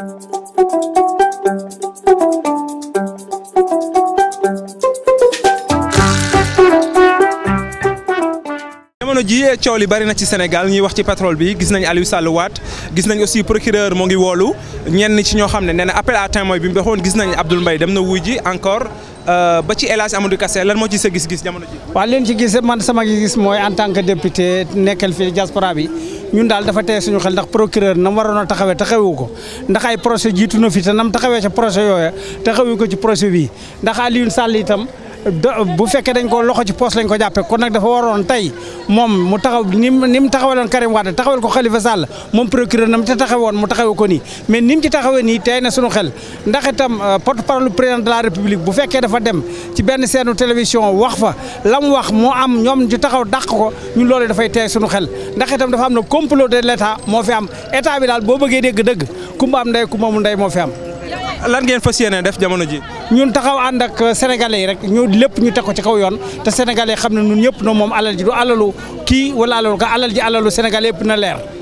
Thank you. jamono ji coow li ci Sénégal ñuy wax ci pétrole bi gis nañ Aliou Sall gis nañ aussi procureur moo ngi woolu ñenn ci ñoo xam ne nee na appel à témoin bi mu waxoon gis nañ Abdoul Mbaye dem na wuy ji encore euh, ba ci El Hadj Amadou Kassé lan moo ci sa gis-gis jamono ji waaw leen ci gis man sama gis-gis mooy en tant que député nekkal fii bi ñun daal dafa tey suñu ndax procureur nam waroon taxawee taxawu ko ndax ay procès jiitu na fi bu fekkee dañ ko loxo ci poos lañ ko jàppee kon nag dafa waroon tey moom mu taxaw ni mu ni mu taxawaloon Karim Wade taxawal ko Khalifa Sall moom procureur na mu ci taxawoon mu taxawee ko nii mais ni mu ci taxawee nii tey na sunu xel ndax itam euh, porte parole président de la république bu fekkee dafa dem ci benn seenu télévision wax fa la mu wax moo am ñoom ñu taxaw dàq ko ñu loolu dafay tey sunu xel ndax itam dafa am na complot de l' moo fi am état bi daal boo bëggee dégg dëgg kumba am ndey kumba mu ndey moo fi am. lan ngeen fas yéene def jamono ji ñun taxaw ànd ak sénégalais yi rek ñu lépp ñu teg ko ci kaw yoon te sénégalais xam ne ñun ñëpp no moom alal ji du alalu kii wala alalu ka alal ji alalu sénégalais yëpp na leer